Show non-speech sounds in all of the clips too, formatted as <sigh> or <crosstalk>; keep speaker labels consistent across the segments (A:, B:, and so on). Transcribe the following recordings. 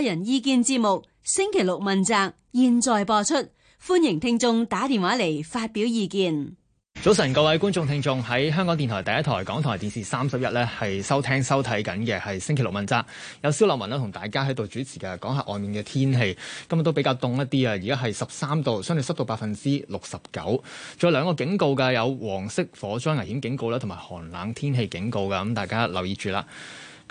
A: 個人意見節目星期六問責，現在播出，歡迎聽眾打電
B: 話嚟發表意見。早晨，各位觀眾聽眾喺香港電台第一台、港台電視三十一呢係收聽收睇緊嘅係星期六問責，有蕭立文呢同大家喺度主持嘅，講下外面嘅天氣，今日都比較凍一啲啊，而家係十三度，相對濕度百分之六十九，仲有兩個警告㗎，有黃色火災危險警告啦，同埋寒冷天氣警告㗎，咁大家留意住啦。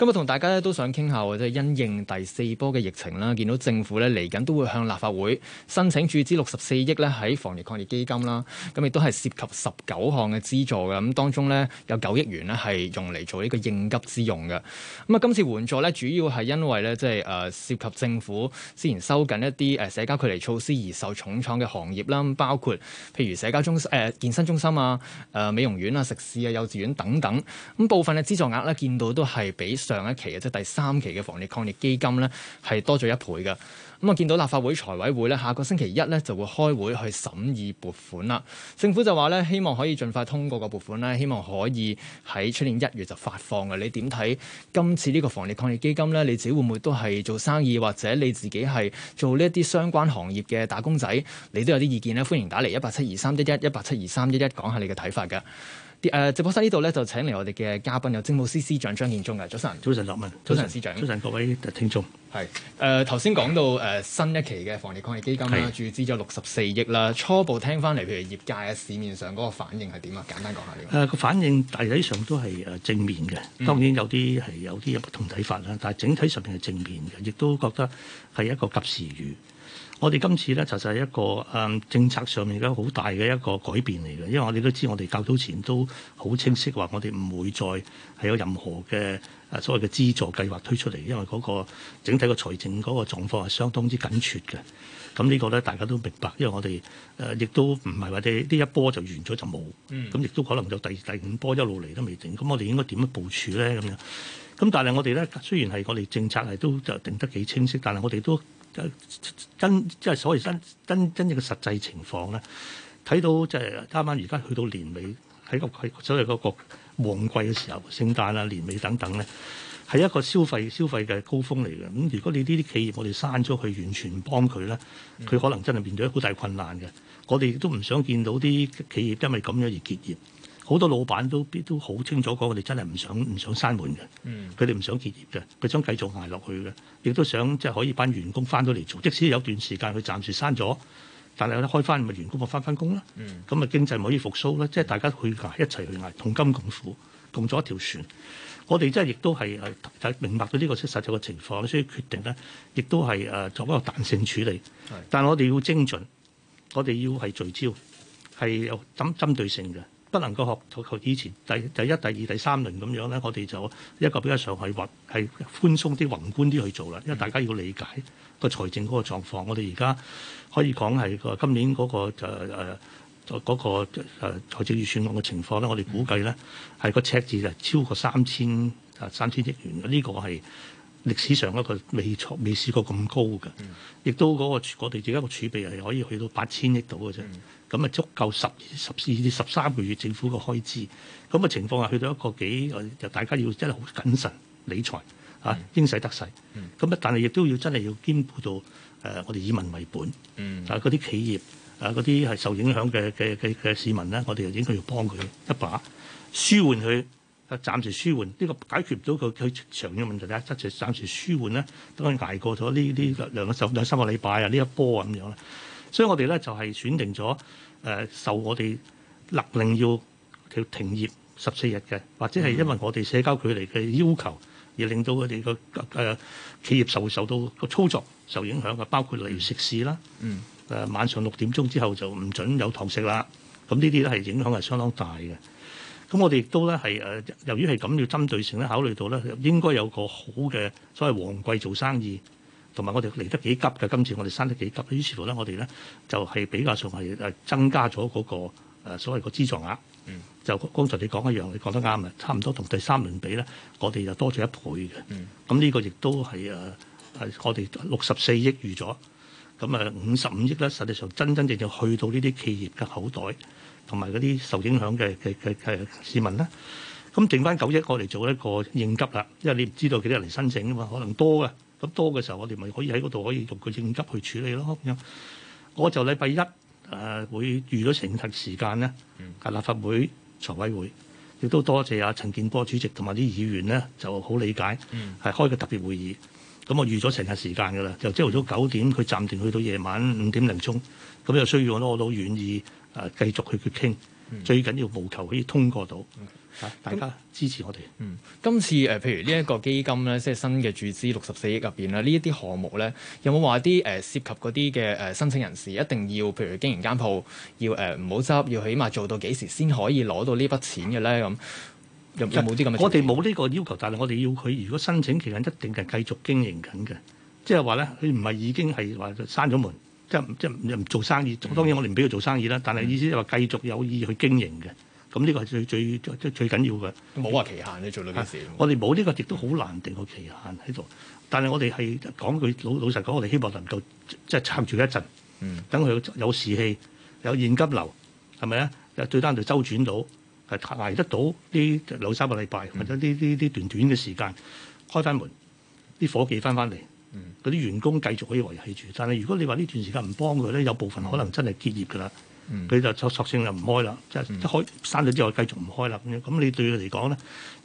B: 今日同大家咧都想傾下，或者因應第四波嘅疫情啦，見到政府咧嚟緊都會向立法會申請注資六十四億咧喺防疫抗疫基金啦。咁亦都係涉及十九項嘅資助嘅，咁當中咧有九億元呢係用嚟做呢個應急之用嘅。咁啊，今次援助咧主要係因為咧即係誒涉及政府之前收緊一啲誒社交距離措施而受重創嘅行業啦，包括譬如社交中心、誒健身中心啊、誒美容院啊、食肆啊、幼稚園等等。咁部分嘅資助額咧見到都係畀上一期嘅即係第三期嘅防疫抗疫基金咧，係多咗一倍嘅。咁啊，見到立法會財委會咧，下個星期一咧就會開會去審議撥款啦。政府就話咧，希望可以盡快通過個撥款咧，希望可以喺出年一月就發放嘅。你點睇今次呢個防疫抗疫基金咧？你自己會唔會都係做生意，或者你自己係做呢一啲相關行業嘅打工仔？你都有啲意見咧？歡迎打嚟一八七二三一一，一八七二三一一講下你嘅睇法嘅。啲、呃、直播室呢度咧，就請嚟我哋嘅嘉賓，有政務司司長張建宗嘅。早晨，早晨立文，早晨司長，早晨各位聽眾。係誒頭先講到誒、呃、新一期嘅防疫抗疫基金啦、啊，注資咗六十四億啦。初步聽翻嚟，譬如業界嘅市面上嗰個反應係點啊？簡單講下先。誒個、呃、反應大體上都係誒
C: 正面嘅，當然有啲係有啲不同睇法啦。嗯、但係整體上面係正面嘅，亦都覺得係一個及時雨。我哋今次咧，就係一個誒、嗯、政策上面而家好大嘅一個改變嚟嘅，因為我哋都知，我哋較早前都好清晰話，我哋唔會再係有任何嘅誒所謂嘅資助計劃推出嚟，因為嗰個整體嘅財政嗰個狀況係相當之緊缺嘅。咁呢個咧大家都明白，因為我哋誒、呃、亦都唔係話呢一波就完咗就冇，咁亦、嗯、都可能就第第五波一路嚟都未定。咁我哋應該點樣部署咧？咁樣咁，但係我哋咧雖然係我哋政策係都就定得幾清晰，但係我哋都。真即係所謂真真真正嘅實際情況咧，睇到即係啱啱而家去到年尾，喺個所謂嗰旺季嘅時候，聖誕啊、年尾等等咧，係一個消費消費嘅高峰嚟嘅。咁如果你呢啲企業我哋刪咗佢，完全幫佢咧，佢可能真係面對好大困難嘅。我哋亦都唔想見到啲企業因為咁樣而結業。好多老闆都都好清楚，講我哋真係唔想唔想閂門嘅。佢哋唔想結業嘅，佢想繼續捱落去嘅，亦都想即係可以班員工翻到嚟做。即使有段時間佢暫時閂咗，但係有得開翻，咪員工咪翻返工啦。咁咪經濟可以復甦啦。即係大家去捱，一齊去捱，同甘共苦，共咗一條船。我哋真係亦都係誒、呃、明白到呢個實際嘅情況，所以決定咧，亦都係誒、呃、做一個彈性處理。但係我哋要精準，我哋要係聚焦，係有針針對性嘅。不能夠學以前第第一、第二、第三輪咁樣呢，我哋就一個比較上係運係寬鬆啲、宏觀啲去做啦。因為大家要理解個財政嗰個狀況，我哋而家可以講係今年嗰、嗰個誒誒嗰個財政預算案嘅情況呢，我哋估計呢，係個赤字就超過三千三千億元，呢、呢個係歷史上一個未錯未試過咁高嘅，亦都嗰、嗰個我哋而家個儲備係可以去到八千億到嘅啫。咁啊足夠十二十二至十三個月政府嘅開支，咁嘅情況下去到一個幾，就大家要真係好謹慎理財啊，應使得使。咁啊，但係亦都要真係要兼顧到誒，我哋以民為本。嗯，啊嗰啲企業啊，嗰啲係受影響嘅嘅嘅嘅市民咧，我哋又應該要幫佢一把，舒緩佢啊，暫時舒緩。呢個解決唔到佢佢長遠嘅問題咧，即係暫時舒緩咧，等佢捱過咗呢呢兩兩兩三個禮拜啊，呢一波啊咁樣咧。所以我哋咧就係、是、選定咗誒、呃、受我哋勒令要叫停業十四日嘅，或者係因為我哋社交距離嘅要求而令到佢哋個誒企業受受到個操作受影響嘅，包括例如食肆啦，誒、嗯嗯呃、晚上六點鐘之後就唔準有堂食啦。咁呢啲咧係影響係相當大嘅。咁我哋亦都咧係誒由於係咁要針對性咧，考慮到咧應該有個好嘅所謂旺季做生意，同埋我哋嚟得幾急嘅，今次我哋生得幾急，於是乎咧，我哋咧就係、是、比較上係誒增加咗嗰、那個、呃、所謂個資助額，嗯、就剛才你講一樣，你講得啱啦，差唔多同第三輪比咧，我哋就多咗一倍嘅。咁呢、嗯嗯這個亦都係誒係我哋六十四億預咗，咁誒五十五億咧，實際上真真正正去到呢啲企業嘅口袋，同埋嗰啲受影響嘅嘅嘅嘅市民咧，咁、嗯、剩翻九億我哋做一個應急啦，因為你唔知道幾多人嚟申請啊嘛，可能多啊。咁多嘅時候，我哋咪可以喺嗰度可以用個應急去處理咯。咁樣，我就禮拜一誒、呃、會預咗成日時間咧，喺、mm. 立法會財委會，亦都多謝阿陳建波主席同埋啲議員咧，就好理解，係、mm. 開個特別會議。咁、嗯、我預咗成日時間嘅啦，由朝頭早九點佢暫停，去到夜晚五點零鐘，咁又需要我都我都願意誒繼續去去傾，mm. 最
B: 緊要務求可以通過到。Okay. 大家支持我哋。嗯，今次誒、呃，譬如呢一個基金咧，即係新嘅注資六十四億入邊啦，呢一啲項目咧，有冇話啲誒涉及嗰啲嘅誒申請人士一定要譬如經營間鋪，要誒唔好執，要起碼做到幾時先可以攞到呢筆錢嘅咧？咁有有冇啲咁嘅？嗯、我哋冇呢個要求，但係我哋要佢如果申請期間一定係繼續經營緊嘅，即係話咧，
C: 佢唔係已經係話閂咗門，即即唔做生意。當然我哋唔俾佢做生意啦，但係意思就話繼續有意去經營嘅。咁呢個係最最最最緊要嘅。冇話期
B: 限，你做到幾時？我
C: 哋冇呢個，亦都好難定個期限喺度。但係我哋係講句老老實講，我哋希望能夠即係撐住一陣，等佢、嗯、有士氣、有現金流，係咪咧？最低限度周轉到係捱得到呢兩三個禮拜，或者呢呢呢短短嘅時間開翻門，啲夥計翻翻嚟，嗰啲、嗯、員工繼續可以維持住。但係如果你話呢段時間唔幫佢咧，有部分可能真係結業㗎啦。嗯佢、嗯、就索索性就唔開啦，即係、嗯、一開閂咗之後繼續唔開啦咁樣，咁你對佢嚟講咧，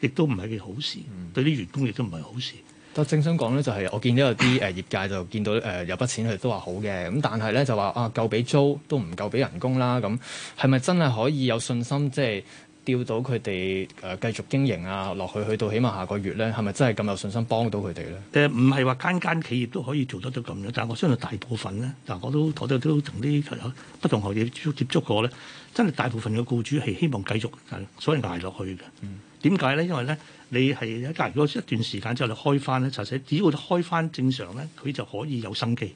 C: 亦都
B: 唔係件好事，嗯、對啲員工亦都唔係好事。但正想講咧，就係我見到有啲誒業界就見到誒有筆錢佢都話好嘅，咁但係咧就話啊夠俾租都唔夠俾人工啦，咁係咪真係可以有信心即係？調到佢哋誒繼續經營啊，落去去到起碼下個月咧，係咪真係咁有信心幫到佢哋咧？誒、呃，唔係話間間企業都可以做
C: 得到咁樣，但我相信大部分咧嗱，我都我、嗯、都都同啲不同行業接觸過咧，真係大部分嘅僱主係希望繼續所以捱落去嘅。點解咧？因為咧，你係一隔如果一段時間之後你開翻咧，就使只要開翻正常咧，佢就可以有生機。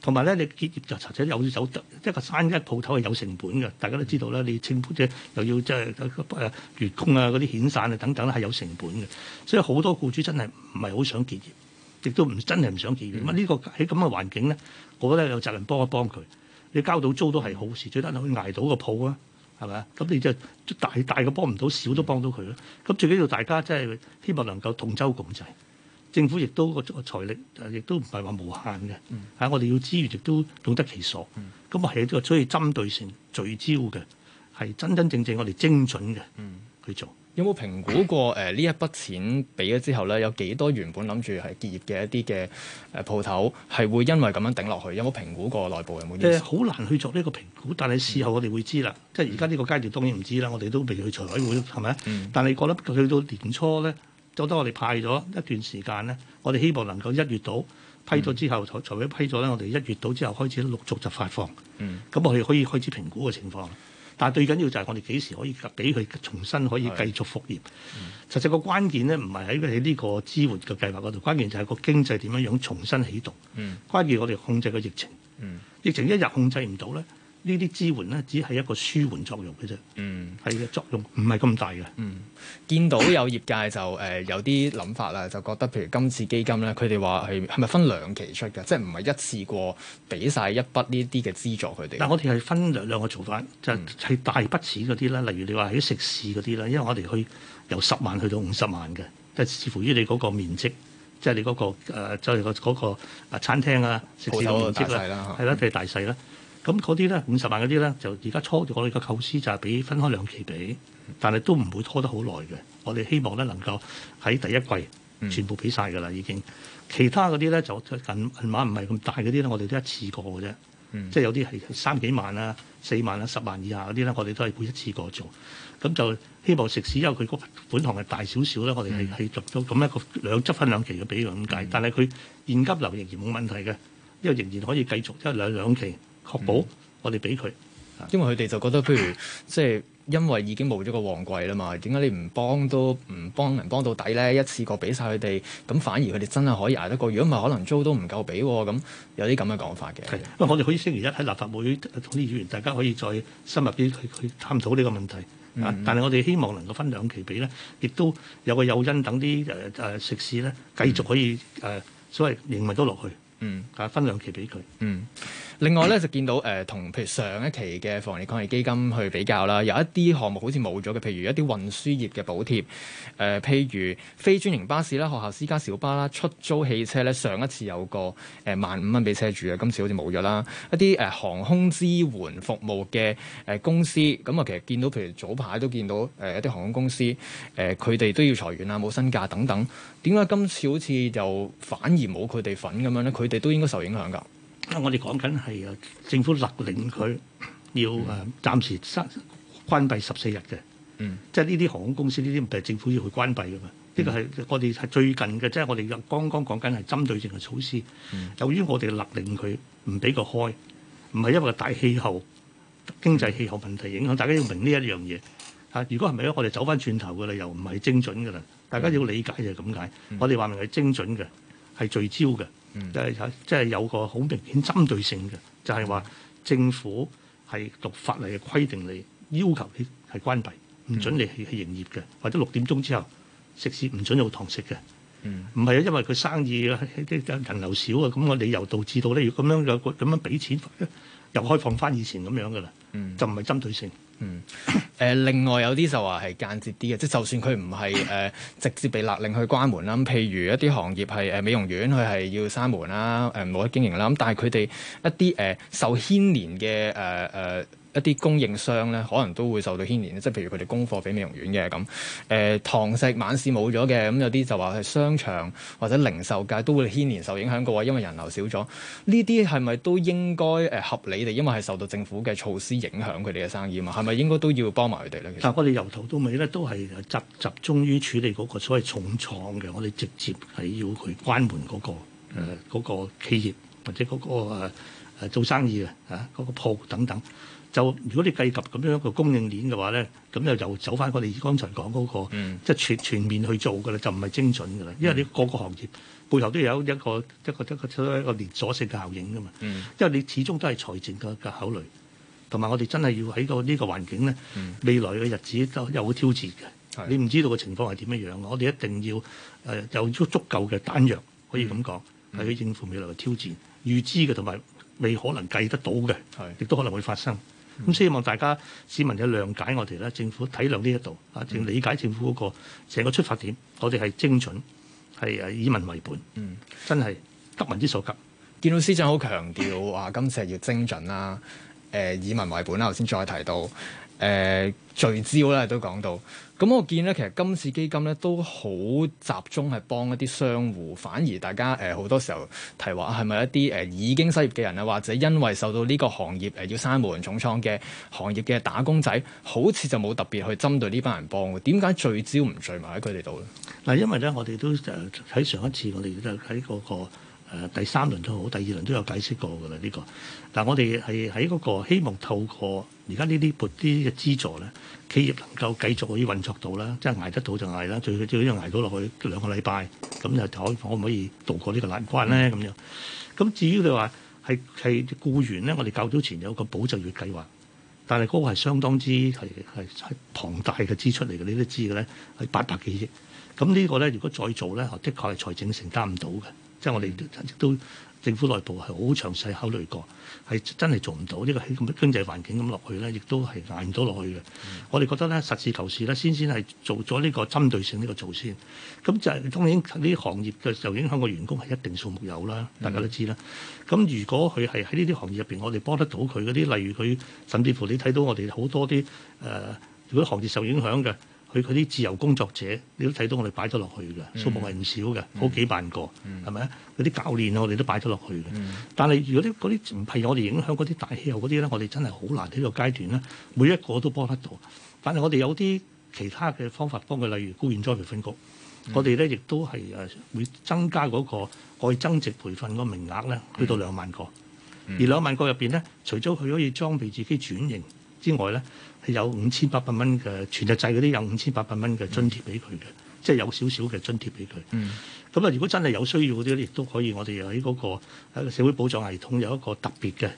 C: 同埋咧，你結業就查際有手得一個單一鋪頭係有成本嘅，大家都知道啦，你清盤者又要即係月供啊、嗰啲遣散啊等等啦，係有成本嘅，所以好多僱主真係唔係好想結業，亦都唔真係唔想結業。咁呢、嗯這個喺咁嘅環境咧，我覺得有責任幫一幫佢。你交到租都係好事，最得緊要捱到個鋪啊，係咪啊？咁你就大大嘅幫唔到，少都幫到佢啦。咁最緊要大家真係希望能夠同舟共濟。政府亦都個財力，亦都唔係話無限嘅。嚇，我哋要資源亦都懂得其所。咁啊，係一個所以針對性聚焦嘅，係真真正正我哋精準嘅去做。有冇評估過
B: 誒呢一筆錢俾咗之後咧，有幾多原本諗住係結業嘅一啲嘅誒鋪頭，係會因為咁樣頂落去？有冇評估過內部有冇？誒，
C: 好難去做呢個評估，但係事後我哋會知啦。即係而家呢個階段當然唔知啦，我哋都未去財委會，係咪？但係覺得去到年初咧。做得我哋派咗一段時間咧，我哋希望能夠一月到批咗之後，財委會批咗咧，我哋一月到之後開始陸續就發放。嗯，咁我哋可以開始評估嘅情況。但係最緊要就係我哋幾時可以俾佢重新可以繼續復業。嗯、實際個關鍵咧，唔係喺佢喺呢個支援嘅計劃嗰度，關鍵就係個經濟點樣樣重新起動。嗯，關鍵我哋控制個疫情。嗯，疫情一日控制唔到咧。呢啲支援咧，只係一
B: 個舒緩作用嘅啫。嗯，係嘅，作用唔係咁大嘅。嗯，見到有業界就誒、呃、有啲諗法啦，就覺得譬如今次基金咧，佢哋話係係咪分兩期出嘅？即係唔係一次過俾晒一筆呢啲嘅資助佢哋？但我哋係分兩兩個做法，
C: 就係、是、大筆錢嗰啲啦。嗯、例如你話喺食肆嗰啲啦，因為我哋去由十萬去到五十萬嘅，即就視、是、乎於你嗰個面積，即、就、係、是、你嗰、那個即係、呃就是那個嗰啊、那個、餐廳啊食肆嘅面積啦，係啦對，佢大細啦。對咁嗰啲咧，五十萬嗰啲咧，就而家初我哋嘅構思就係俾分開兩期俾，但係都唔會拖得好耐嘅。我哋希望咧能夠喺第一季全部俾晒㗎啦，嗯、已經其他嗰啲咧就近銀碼唔係咁大嗰啲咧，我哋都一次過嘅啫，嗯、即係有啲係三幾萬啦、啊、四萬啦、啊、十萬以下嗰啲咧，我哋都係會一次過做，咁就希望食肆，因為佢個本行係大少少咧，我哋係係做咗咁一個兩執分兩期嘅俾咁解，嗯、但係佢現金流仍然冇問題
B: 嘅，因為仍然可以繼續即係兩兩期。確保我哋俾佢，
C: 嗯、
B: 因為佢哋就覺得，譬如即係因為已經冇咗個旺季啦嘛，點解你唔幫都唔幫人幫到底咧？一次過俾晒佢哋，咁反而佢哋真係可以捱得過。如果唔係，可能租都唔夠俾喎、哦。咁有啲咁嘅講法嘅。係，餵我哋可以星期一喺立法會同啲議員大家可以再
C: 深入啲去去探討呢個問題、嗯、啊。但係我哋希望能夠分兩期俾咧，亦都有
B: 個誘因，等啲誒誒食肆咧繼續可以誒、嗯啊、所謂營運都落去。嗯，啊，分兩期俾佢。嗯。另外咧就見到誒同、呃、譬如上一期嘅防疫抗疫基金去比較啦，有一啲項目好似冇咗嘅，譬如一啲運輸業嘅補貼，誒、呃、譬如非專營巴士啦、學校私家小巴啦、出租汽車咧，上一次有個誒、呃、萬五蚊俾車主啊，今次好似冇咗啦。一啲誒、呃、航空支援服務嘅誒、呃、公司，咁、呃、啊其實見到譬如早排都見到誒、呃、一啲航空公司誒佢哋都要裁員啊、冇薪假等等，點解今次好似就反而冇佢哋份咁樣咧？佢哋都應該受影響㗎。我哋講緊係啊，政府勒令佢要誒暫
C: 時關閉十四日嘅，嗯、即係呢啲航空公司呢啲唔係政府要去關閉㗎嘛？呢、嗯、個係我哋係最近嘅，即、就、係、是、我哋剛剛講緊係針對性嘅措施。
D: 嗯、
C: 由於我哋勒令佢唔俾佢開，唔係因為大氣候、經濟氣候問題影響，大家要明呢一樣嘢嚇、啊。如果係咪咧，我哋走翻轉頭嘅啦，又唔係精準㗎啦，大家要理解就係咁解。嗯、我哋話明係精準嘅，係聚焦嘅。嗯、即係有個好明顯針對性嘅，就係、係、話政府係讀法例嘅規定嚟要求你係關閉，唔准你去營業嘅，嗯、或者六點鐘之後食肆唔準做堂食嘅。嗯，唔係啊，因為佢生意啲人流少啊，咁我你又
B: 導致到咧，要咁樣有咁樣俾錢，又開放翻以前咁樣噶啦。就唔係針對性。嗯，誒、呃、另外有啲就話係間接啲嘅，即、就、係、是、就算佢唔係誒直接被勒令去關門啦，咁譬如一啲行業係誒、呃、美容院，佢係要閂門啦，誒冇得經營啦，咁、嗯、但係佢哋一啲誒、呃、受牽連嘅誒誒。呃呃一啲供應商咧，可能都會受到牽連咧，即係譬如佢哋供貨俾美容院嘅咁。誒、呃，堂食晚市冇咗嘅咁，有啲就話係商場或者零售界都會牽連受影響嘅話，因為人流少咗，呢啲係咪都應該誒合理地，因為係受到政府嘅措施影響佢哋嘅生意嘛？係咪應該都要幫埋佢哋咧？其實我哋由頭到尾咧都係集集中於處理嗰個
C: 所謂重創嘅，我哋直接係要佢關門嗰、嗰個誒、呃嗰個、企業或者嗰、嗰個誒、呃、做生意嘅嚇嗰個鋪等等。就如果你計及咁樣一個供應鏈嘅話咧，咁又又走翻我哋剛才講嗰、嗰個，嗯、即係全全面去做噶啦，就唔係精準噶啦。因為你各個行業背後都有一個一個一個一個連鎖性嘅效應噶嘛。嗯、因為你始終都係財政嘅嘅考慮，同埋我哋真係要喺個呢個環境咧，未來嘅日子都有挑戰嘅。嗯、你唔知道嘅情況係點樣樣，我哋一定要誒、呃、有足足夠嘅單藥可以咁講，係、嗯、去應付未來嘅挑戰預知嘅同埋未可能計得到嘅，亦都可能會發生。咁、嗯、希望大家市民嘅諒解我哋啦，政府體諒呢一度啊，嗯、正理解政府嗰個成個出發點，
B: 我哋係精準，係誒以民為本，嗯，真係急民之所急。見到司長好強調啊，今次係要精準啦，誒、呃、以民為本啦，頭先再提到。誒、呃、聚焦咧都講到，咁、嗯、我見咧其實今次基金咧都好集中係幫一啲商戶，反而大家誒好、呃、多時候提話係咪一啲誒、呃、已經失業嘅人啊，或者因為受到呢個行業誒、呃、要閂門重創嘅行業嘅打工仔，好似就冇特別去針對呢班人幫嘅，點解聚焦唔聚埋喺佢哋度咧？嗱，因為咧我哋都誒喺上一次我哋都喺嗰、那個。誒第三輪都好，第
C: 二輪都有解釋過㗎啦。呢、呢個，但係我哋係喺嗰個希望透過而家呢啲撥啲嘅資助咧，企業能夠繼續可以運作到啦，即係捱得到就捱啦，最最少要捱到落去兩個禮拜咁就睇可唔可，可以度過呢個難關咧咁、嗯、樣。咁至於你話係係僱員咧，我哋較早前有個保就業計劃，但係嗰個係相當之係係係龐大嘅支出嚟嘅，你都知嘅咧係八百幾億咁呢個咧。如果再做咧，啊，的確係財政承擔唔到嘅。即係我哋亦都政府內部係好詳細考慮過，係真係做唔到，這個、呢個喺咁嘅經濟環境咁落去咧，亦都係捱唔到落去嘅。我哋覺得咧，實事求是咧，先先係做咗呢個針對性呢個做先。咁就係當然呢啲行業嘅受影響嘅員工係一定數目有啦，嗯、大家都知啦。咁如果佢係喺呢啲行業入邊，我哋幫得到佢嗰啲，例如佢甚至乎你睇到我哋好多啲誒、呃，如果行業受影響嘅。佢嗰啲自由工作者，你都睇到我哋擺咗落去嘅數目係唔少嘅，好幾萬個，係咪啊？嗰啲教練我哋都擺咗落去嘅。嗯、但係如果啲嗰啲唔係我哋影響嗰啲大氣候嗰啲咧，我哋真係好難喺呢個階段咧，每一個都幫得到。反正我哋有啲其他嘅方法幫佢，例如僱員再培訓局，嗯、我哋咧亦都係誒會增加嗰、那個再、那個、增值培訓個名額咧，去到兩萬個。嗯嗯、而兩萬個入邊咧，除咗佢可以裝備自己轉型之外咧。有五千八百蚊嘅全日制嗰啲有五千八百蚊嘅津貼俾佢嘅，嗯、即係有少少嘅津貼俾佢。咁啊、嗯，如果真係有需要嗰啲，亦都可以。我哋喺嗰個社會保障系統有一個特別嘅，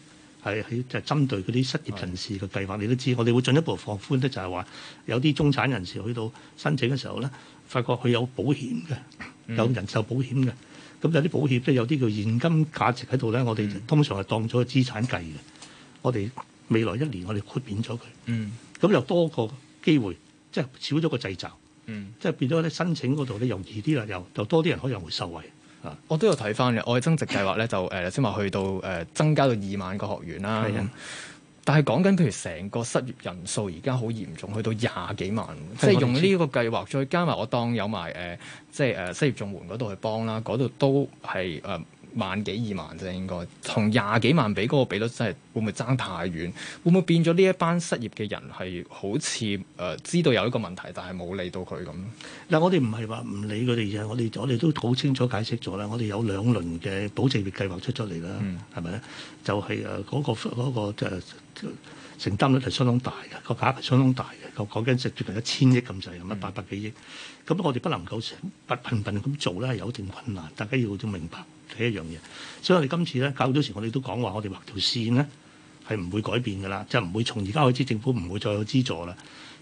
C: 係喺就係針對嗰啲失業人士嘅計劃，的你都知，我哋會進一步放寬咧，就係話有啲中產人士去到申請嘅時候咧，發覺佢有保險嘅，有人壽保險嘅，咁有啲保險咧、嗯、有啲叫現金價值喺度咧，我哋通常係當咗資產計嘅，我哋。未來一年我哋豁免咗佢，咁又多個機會，即係少咗個掣肘，即係變咗咧申請嗰
B: 度咧容易啲啦，又又多啲人可能會受惠。啊，我都有睇翻嘅，我嘅增值計劃咧就誒先話去到誒增加到二萬個學員啦。但係講緊譬如成個失業人數而家好嚴重，去到廿幾萬，即係用呢個計劃再加埋我當有埋誒，即係誒失業仲援嗰度去幫啦，嗰度都係誒。萬幾二萬啫，應該同廿幾萬比嗰個比率真係會唔會爭太遠？會唔會變咗呢一班失業嘅人係好似誒、呃、知道有一個問題，但係冇理到佢咁？嗱，我哋唔係話唔理佢哋嘅，我哋我哋都好清楚解釋咗啦。我哋有兩輪嘅保證計劃出咗嚟
C: 啦，係咪、嗯？就係誒嗰個嗰、嗰個承、呃、擔率係相當大嘅個價係相當大嘅個講緊值接近一千億咁滯咁啊八百幾億咁，我哋不能夠成頻頻咁做啦，有一定困難，大家要都明白。呢一樣嘢，所以我哋今次咧搞到時，我哋都講話，我哋畫條線咧係唔會改變噶啦，就唔會從而家開始政府唔會再有資助啦。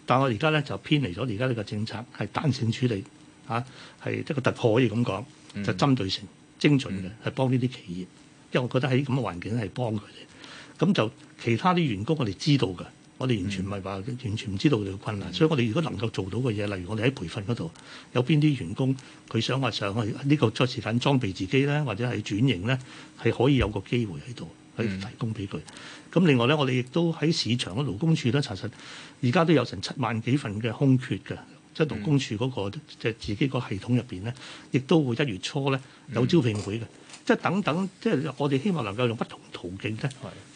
C: 但係我而家咧就偏離咗，而家呢個政策係單線處理，嚇係一個突破可以咁講，就針對性精準嘅，係幫呢啲企業，因為我覺得喺咁嘅環境係幫佢哋。咁就其他啲員工我哋知道㗎。 <noise> 我哋完全唔係話，完全唔知道佢嘅困難， <noise> 所以我哋如果能夠做到嘅嘢，例如我哋喺培訓嗰度有邊啲員工佢想話、啊、上去呢、呢個時間裝備自己咧，或者係轉型咧，係可以有個機會喺度，去提供俾佢。咁 <noise> 另外咧，我哋亦都喺市場咧，勞工處咧查實而家都有成七萬幾份嘅空缺嘅，即係勞工處嗰、嗰個即係、即係、自己個系統入邊咧，亦都會一月初咧有招聘會嘅。 <noise> <noise> 即係等等，即係我哋希望能夠用不同途徑咧的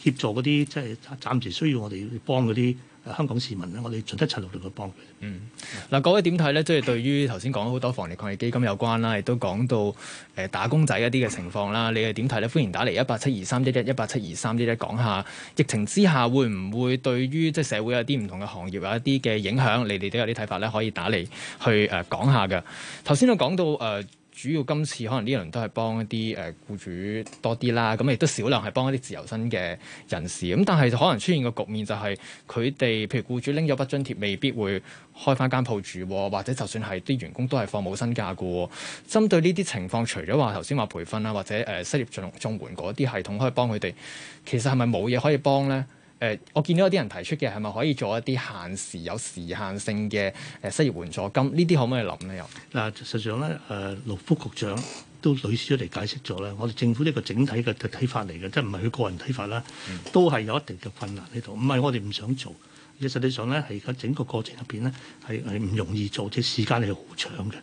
C: 協助嗰啲即係暫時需要我哋幫嗰啲、呃、香港市民咧，我哋盡一切努力去幫佢嗯。嗯，
B: 嗱，各位點睇咧？即係、就是、對於頭先講好多防疫抗疫基金有關啦，亦都講到誒、呃、打工仔一啲嘅情況啦，嗯、你係點睇咧？歡迎打嚟一八七二三一一一八七二三一一講下疫情之下會唔會對於即係社會有啲唔同嘅行業有一啲嘅影響？你哋都有啲睇法咧，可以打嚟去誒、呃呃、講下嘅。頭先我講到誒。呃呃呃呃主要今次可能呢輪都係幫一啲誒僱主多啲啦，咁亦都少量係幫一啲自由身嘅人士，咁但係就可能出現個局面就係佢哋譬如僱主拎咗筆津貼，未必會開返間鋪住，或者就算係啲員工都係放冇薪假嘅。針對呢啲情況，除咗話頭先話培訓啦，或者誒失業進入綜援嗰啲系統可以幫佢哋，其實係咪冇嘢可以幫咧？誒、呃，我見到有啲人提出嘅係咪可以做一啲限時有時限性嘅誒失業援助金？呢啲可唔可以諗咧？又嗱、呃，實際上咧，誒勞福局長都屢次出嚟解釋咗啦。我哋政府呢個整體嘅睇
C: 法嚟嘅，即係唔係佢個人睇法啦，都係有一定嘅困難喺度。唔係我哋唔想做，而實際上咧，係而家整個過程入邊咧，係係唔容易做，即係時間係好長嘅。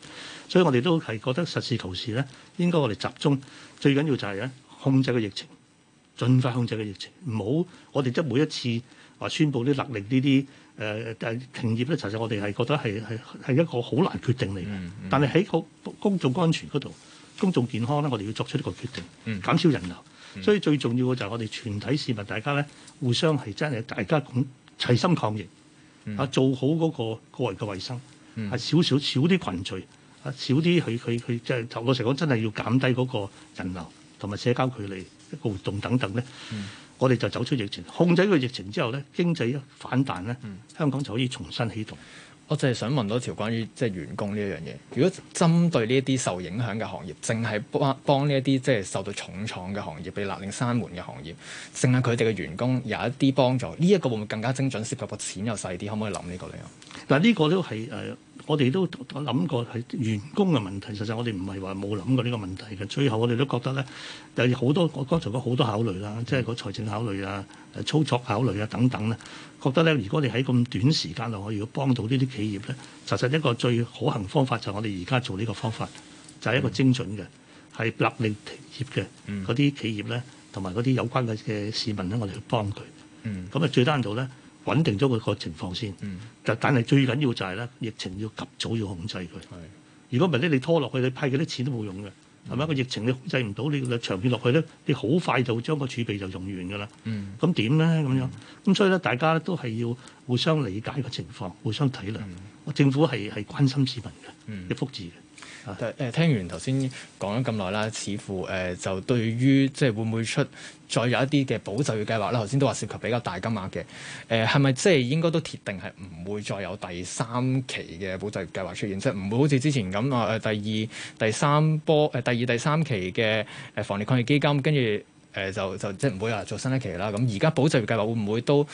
C: 所以我哋都係覺得實事求是咧，應該我哋集中最緊要就係咧控制個疫情。盡快控制嘅疫情，唔好我哋即係每一次話宣布啲勒令呢啲誒停業咧，其實我哋係覺得係係係一個好難決定嚟嘅。Mm hmm. 但係喺個公眾安全嗰度，公眾健康咧，我哋要作出呢個決定，減少人流。Mm hmm. 所以最重要嘅就係我哋全體市民，大家咧互相係真係大家咁齊心抗疫，啊、
D: mm hmm.
C: 做好嗰個個人嘅衞生，係、mm hmm. 少少少啲群聚，啊少啲佢佢佢，即係頭我成日講，真係要減低嗰個人流。同埋社交距離一個活動等等咧，嗯、我哋就走出疫情，控制個疫情之後咧，經濟一反彈咧，
B: 香港就可以重新起動。我淨係想問到一條關於即係、就是、員工呢一樣嘢。如果針對呢一啲受影響嘅行業，淨係幫幫呢一啲即係受到重創嘅行業，被勒令閂門嘅行業，淨係佢哋嘅員工有一啲幫助，呢、這、一個會唔會更加精準，涉及個錢又細啲？可唔可以諗呢個理由？嗱、啊，呢、這個都係誒。呃我哋都諗過係員
C: 工嘅問題，實際我哋唔係話冇諗過呢個問題嘅。最後我哋都覺得咧，有好多我剛才講好多考慮啦，即係個財政考慮啊、操作考慮啊等等咧，覺得咧，如果你喺咁短時間內可以幫到呢啲企業咧，實際一個最好行方法就係我哋而家做呢個方法，就係、是、一個精準嘅，係、mm. 勒令停業嘅嗰啲企業咧，同埋嗰啲有關嘅嘅市民咧，我哋去幫佢。咁啊、mm.，最低限度咧。穩定咗佢個情況先，嗯、但但係最緊要就係咧，疫情要及早要控制佢。如果唔係咧，你拖落去，你批幾多錢都冇用嘅。係咪一個疫情你控制唔到，你長遠落去咧，你好快就會將個儲備就用完㗎啦。咁點咧咁樣，樣呢？咁、嗯、所以咧，大家都係要互相理解
B: 個情況，互相體諒。
C: 嗯、政府係係關心市民嘅，要福、嗯、祉嘅。
B: 誒聽完頭先講咗咁耐啦，似乎誒就對於即係會唔會出再有一啲嘅補助嘅計劃啦？頭先都話涉及比較大金額嘅，誒係咪即係應該都鐵定係唔會再有第三期嘅補助計劃出現？即係唔會好似之前咁啊、呃、第二、第三波誒、呃、第二、第三期嘅誒防疫抗疫基金跟住。誒、呃、就就即係唔會話做新一期啦。咁而家保就業計劃會唔會都誒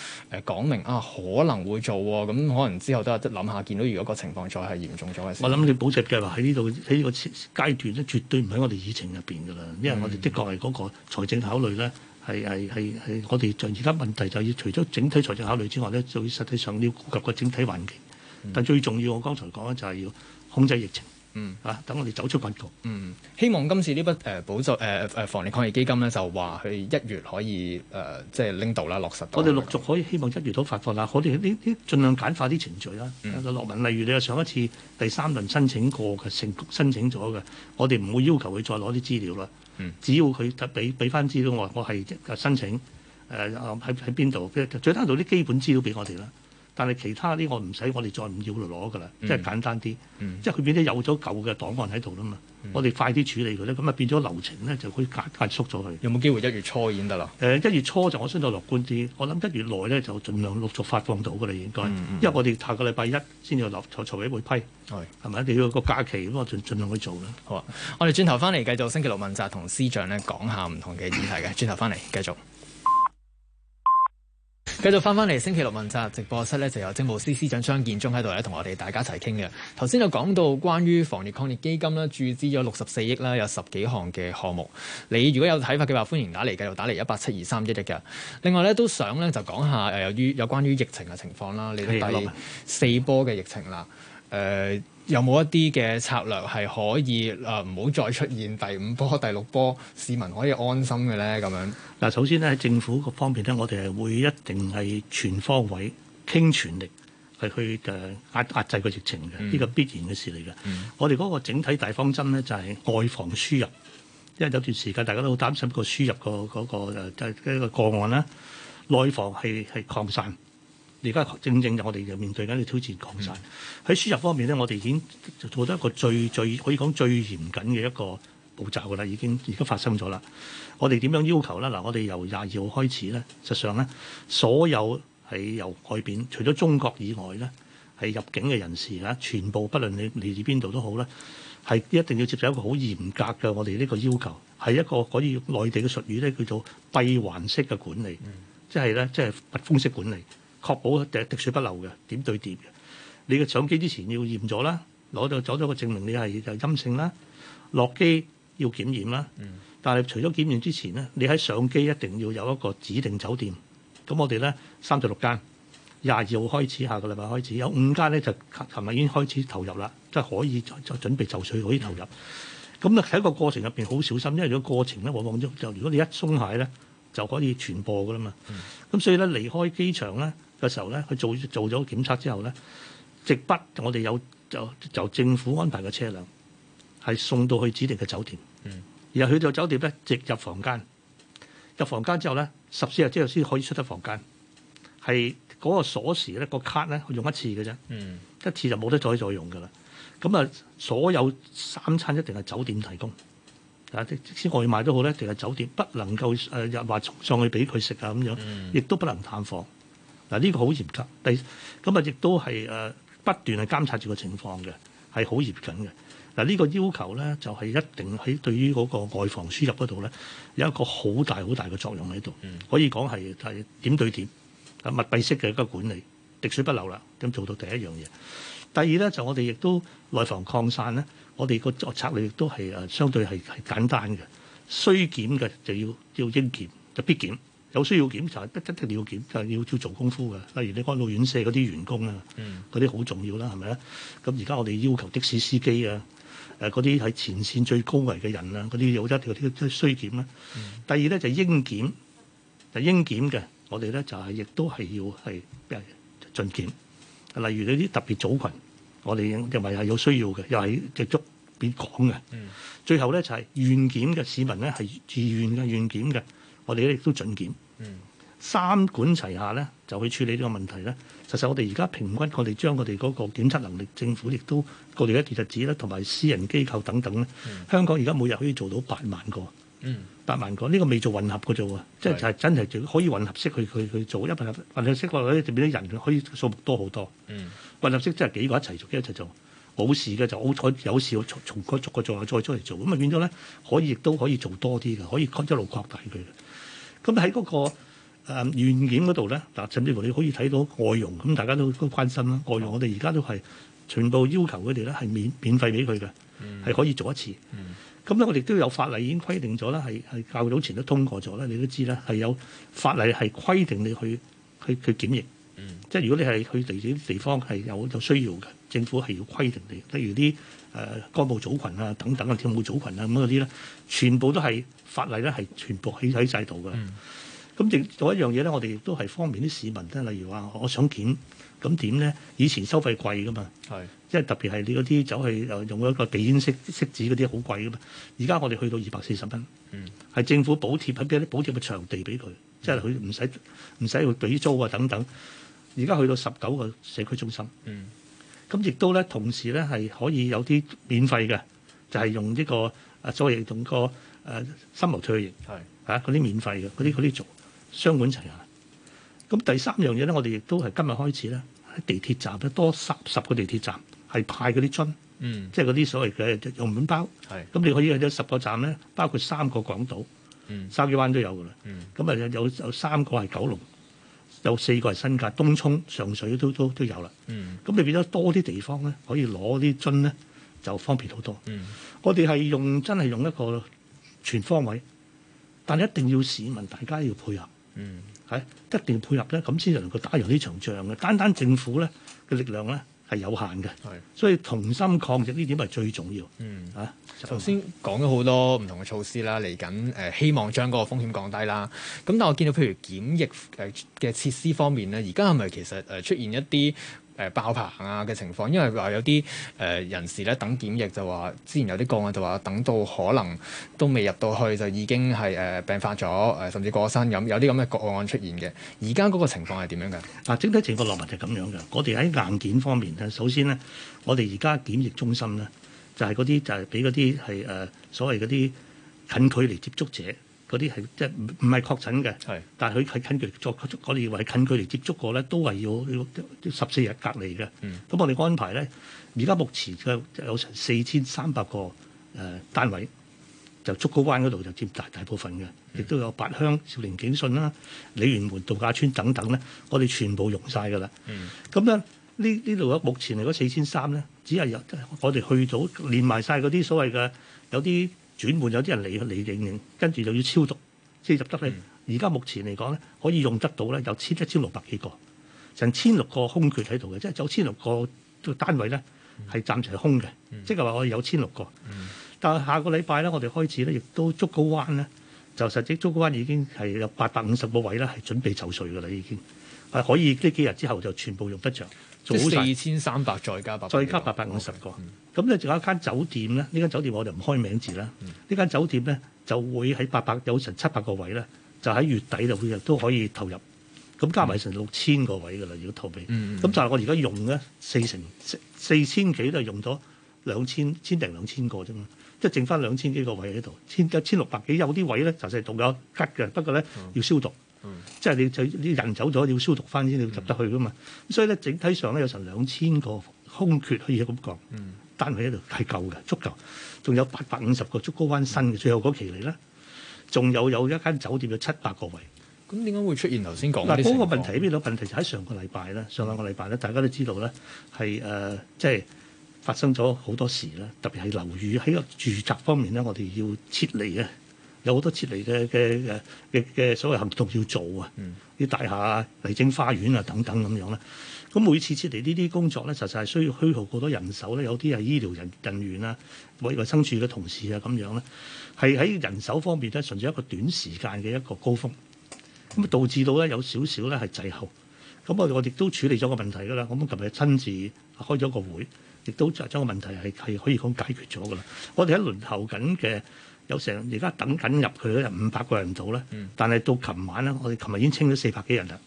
B: 講明啊？可能會做喎、哦。咁可能之後都即係諗下，見到如果個情況再係嚴重咗嘅時候我諗你保就業計劃喺呢度喺呢個階段咧，絕對唔喺我哋議程入邊㗎啦。因為我哋的確係嗰個財政考
C: 慮咧，係係係係我哋。而家問題就要除咗整體財政考慮之外咧，就實際上要顧及個整體環境。但最重要，我剛才講咧就係要控制疫情。嗯嚇，
B: 等、啊、我哋走出困局。嗯，希望今次呢筆誒補助誒誒防疫抗疫基金咧，就話佢一月可以誒、呃，即係拎到啦，落實到。我哋陸續可以希望一月都發放啦。我哋呢
C: 啲盡量簡化啲程序啦。落民、嗯啊，例如你上一次第三輪申請過嘅，成申，申請咗嘅，我哋唔會要求佢再攞啲資料啦。只要佢俾俾翻資料我，我係申請誒喺喺邊度，最攤到啲基本資料俾我哋啦。但係其他啲我唔使，我哋再唔要就攞㗎啦，即係簡單啲，嗯、即係佢變咗有咗舊嘅檔案喺度啦嘛，嗯、我哋快啲處理佢咧，咁啊變咗流程咧就可以加加速咗佢。有冇機會一月初已經得啦？誒、嗯，一月初就我相信樂觀啲，我諗一月內咧就儘量陸續發放到㗎啦，應
B: 該，因為我哋下個禮拜一先至落財財委會批，係係咪？一定吧要一個假期咁，我盡儘量去做啦。好啊， <laughs> 我哋轉頭翻嚟繼續星期六問責同司長咧講下唔同嘅議題嘅，轉頭翻嚟繼續。繼續翻翻嚟，星期六問責直播室咧，就有政務司司長張建宗喺度咧同我哋大家一齊傾嘅。頭先就講到關於防疫抗疫基金啦，注資咗六十四億啦，有十幾項嘅項目。你如果有睇法嘅話，歡迎打嚟，繼續打嚟一八七二三一一嘅。另外咧都想咧就講下誒，由於有關於疫情嘅情況啦，你第四波嘅疫情啦，誒、呃。有冇一啲嘅策略係可以誒唔好再出現第五波、第六波，市民可以安心嘅咧？咁樣嗱，
C: 首先咧喺政府個方面咧，我哋係會一定係全方位傾全力係去誒壓壓制個疫情嘅，呢個、嗯、必然嘅事嚟嘅。嗯、我哋嗰個整體大方針咧就係、係、外防輸入，因為有段時間大家都好擔心個輸入、嗰個嗰、嗰個即係一個個案啦，內防係係擴散。而家正正就我哋就面對緊嘅挑戰講、嗯，講曬喺輸入方面咧，我哋已經做得一個最最可以講最嚴謹嘅一個步驟啦。已經而家發生咗啦。我哋點樣要求咧？嗱、嗯，我哋由廿二號開始咧，實上咧，所有喺由外邊除咗中國以外咧，係入境嘅人士啊，全部不論你嚟自邊度都好咧，係一定要接受一個好嚴格嘅我哋呢個要求，係一個可以內地嘅術語咧，叫做閉環式嘅管理，嗯、即係咧，即係密封式管理。確保滴滴水不漏嘅點對點嘅，你嘅上機之前要驗咗啦，攞到攞到個證明你係就陰性啦，落機要檢驗啦。但係除咗檢驗之前咧，你喺上機一定要有一個指定酒店。咁我哋咧，三十六間，廿二號開始，下個禮拜開始有五間咧，就琴日已經開始投入啦，即係可以再準備就緒可以投入。咁啊喺個過程入邊好小心，因為個過程咧往往就如果你一鬆懈咧就可以傳播噶啦嘛。咁所以咧離開機場咧。嘅時候咧，佢做做咗檢測之後咧，直不我哋有就就政府安排嘅車輛係送到去指定嘅酒店，然後、嗯、去到酒店咧直入房間，入房間之後咧十四日之後先可以出得房間，係嗰個鎖匙咧、個卡咧用一次嘅啫，嗯、一次就冇得再再用嘅啦。咁啊，所有三餐一定係酒店提供啊，即使外賣都好咧，定係酒店不能夠誒入話送上去俾佢食啊咁樣，嗯、亦都不能探訪。嗱，呢個好嚴格，第咁啊亦都係誒、呃、不斷係監察住個情況嘅，係好嚴謹嘅。嗱、這、呢個要求咧就係、是、一定喺對於嗰個外防輸入嗰度咧有一個好大好大嘅作用喺度，可以講係係點對點啊密閉式嘅一個管理，滴水不漏啦，咁做到第一樣嘢。第二咧就我哋亦都內防擴散咧，我哋個策策略亦都係誒、呃、相對係係簡單嘅，需檢嘅就要要應檢就必檢。有需要檢查，一一定要檢查，就係要要做功夫嘅。例如你安老院舍嗰啲員工啊，嗰啲好重要啦，係咪啊？咁而家我哋要求的士司機啊，誒嗰啲係前線最高危嘅人啊，嗰啲有得嗰啲都需要檢啦。嗯、第二咧就係應檢，就係應檢嘅，我哋咧就係、係、亦都係要係俾人進檢。例如嗰啲特別組群，我哋認為係有需要嘅，又係接觸比較廣嘅。嗯、最後咧就係、係、願檢嘅市民咧係自願嘅願檢嘅。我哋咧亦都準檢，三管齊下咧就去處理呢個問題咧。實際我哋而家平均，我哋將我哋嗰個檢測能力，政府亦都我哋而家調查指咧，同埋私人機構等等咧。香港而家每日可以做到八萬個，八萬個呢個未做混合嘅啫喎，即係係真係可以混合式去去去做，因為混合式落去就變咗人可以數目多好多。混合式即係幾個一齊做，一齊做。冇事嘅就好，可有事從，從從逐個再再出嚟做，咁啊變咗咧，可以亦都可以做多啲嘅，可以一路擴大佢。咁喺嗰個誒、呃、軟件嗰度咧，嗱甚至乎你可以睇到外傭，咁大家都都關心啦。外傭我哋而家都係全部要求佢哋咧，係免免費俾佢嘅，係可以做一次。咁、嗯、咧、嗯、我哋都有法例已經規定咗啦，係係較早前都通過咗啦，你都知啦，係有法例係規定你去去去檢疫。嗯、即係如果你係去地啲地方係有有需要嘅。政府係要規定你，例如啲誒幹部組群啊，等等啊，跳舞組群啊咁嗰啲咧，全部都係法例咧，係全部起喺制度嘅。咁亦做一樣嘢咧，我哋亦都係方便啲市民咧。例如話，我想檢咁點咧？以前收費貴噶嘛，係即係特別係你嗰啲走去誒用一個鼻咽拭拭子嗰啲好貴噶嘛。而家我哋去到二百四十蚊，係政府補貼，係俾啲補貼嘅場地俾佢，即係佢唔使唔使要俾租啊等等。而家去到十九個社區中心。咁亦都咧，同時咧係可以有啲免費嘅，就係、是、用呢、這個所謂用、這個、啊坐業同個誒心無退業，係吓嗰啲免費嘅嗰啲啲做雙管齊下。咁第三樣嘢咧，我哋亦都係今日開始咧，喺地鐵站咧多十十個地鐵站係派嗰啲樽，嗯，即係嗰啲所謂嘅用麪包，係咁是你可以有十個站咧，包括三個港島，嗯，筲箕灣都有嘅啦，嗯，咁啊有有有三個係九龍。有四個係新界，東涌、上水都都都有啦。嗯，咁你變咗多啲地方咧，可以攞啲樽咧，就方便好多。嗯，我哋係用真係用一個全方位，但係一定要市民大家要配合。嗯，係一定要配合咧，咁先能夠打贏呢場仗嘅。單單政府
B: 咧嘅力量咧，係有限嘅，所以同心抗疫呢點係最重要。嗯嚇，頭先講咗好多唔同嘅措施啦，嚟緊誒希望將嗰個風險降低啦。咁但係我見到譬如檢疫誒嘅設施方面咧，而家係咪其實誒出現一啲誒爆棚啊嘅情況，因為話有啲誒、呃、人士咧等檢疫就話，之前有啲個案就話等到可能都未入到去就已經係誒、呃、病發咗誒、呃，甚至過身咁，有啲咁嘅個案出現嘅。而家嗰個情況係點樣嘅？嗱、啊，整體情況落嚟就係咁樣嘅。
C: 我哋喺硬件方面咧，首先咧，我哋而家檢疫中心咧就係嗰啲就係俾嗰啲係誒所謂嗰啲近距離接觸者，嗰啲係即係唔唔係確診嘅，是但係佢係近距接觸，我哋以為近距離接觸過咧，都係要要十四日隔離嘅。咁、嗯、我哋安排咧，而家目前嘅有成四千三百個誒、呃、單位，就竹篙灣嗰度就佔大大，大部分嘅，嗯、亦都有八鄉少年警訊啦、鯉魚門度假村等等咧，我哋全部用晒㗎啦。咁咧、嗯、呢呢度嘅目前嚟講四千三咧，只係有、就是、我哋去到連埋晒嗰啲所謂嘅有啲。轉換有啲人嚟嚟經營，跟住就要超讀，即係入得去。而家、嗯、目前嚟講咧，可以用得到咧有千一千六百幾個，成千六個空缺喺度嘅，即係有千六個單位咧係暫時係空嘅，嗯、即係話我哋有千六個。嗯、但係下個禮拜咧，我哋開始咧亦都竹篙灣咧，就實際竹篙灣已經係有八百五十個位咧係準備就緒㗎啦，已經係可以呢幾日之後就全部用得着，
B: 早四千三百再加八，再加
C: 八百五十個。Okay, 嗯咁咧仲有一間酒店咧，呢間酒店我就唔開名字啦。呢間、嗯、酒店咧就會喺八百有成七百個位咧，就喺月底就都可以投入。咁加埋成六千個位噶啦，如果投備咁、嗯、就係我 4, 4, 2, 000, 1, 000而家用咧四成四千幾都係用咗兩千千定兩千個啫嘛，即係剩翻兩千幾個位喺度千一千六百幾有啲位咧，就係仲有吉嘅。不過咧、嗯、要消毒，嗯、即係你就啲人走咗要消毒翻先，你要入得去噶嘛。嗯、所以咧整體上咧有成兩千個空缺可以咁講。嗯單位喺度係夠嘅，足夠，仲有八百五十個，竹篙灣新嘅、嗯、最後嗰期嚟啦，仲有有一間酒店有七百個位。咁點解會出現頭先講嗰啲情況？嗱，嗰個問題喺邊度？問題就喺上個禮拜啦，上兩個禮拜咧，大家都知道咧，係、呃、誒，即係發生咗好多事啦，特別係樓宇喺個住宅方面咧，我哋要撤離嘅，有好多撤離嘅嘅嘅嘅所謂行動要做啊，啲、嗯、大廈啊、麗晶花園啊等等咁樣咧。咁每次撤離呢啲工作咧，實在係需要虛耗過多人手咧，有啲係醫療人人員啊，或或衛生處嘅同事啊咁樣咧，係喺人手方面咧，純粹一個短時間嘅一個高峰，咁啊導致到咧有少少咧係滯後。咁啊，我哋都處理咗個問題㗎啦。咁我琴日親自開咗個會，亦都就將個問題係可以講解決咗㗎啦。我哋喺輪候緊嘅有成，而家等緊入去嘅五百個人度咧，但係到琴晚咧，我哋琴日已經清咗四百幾人啦，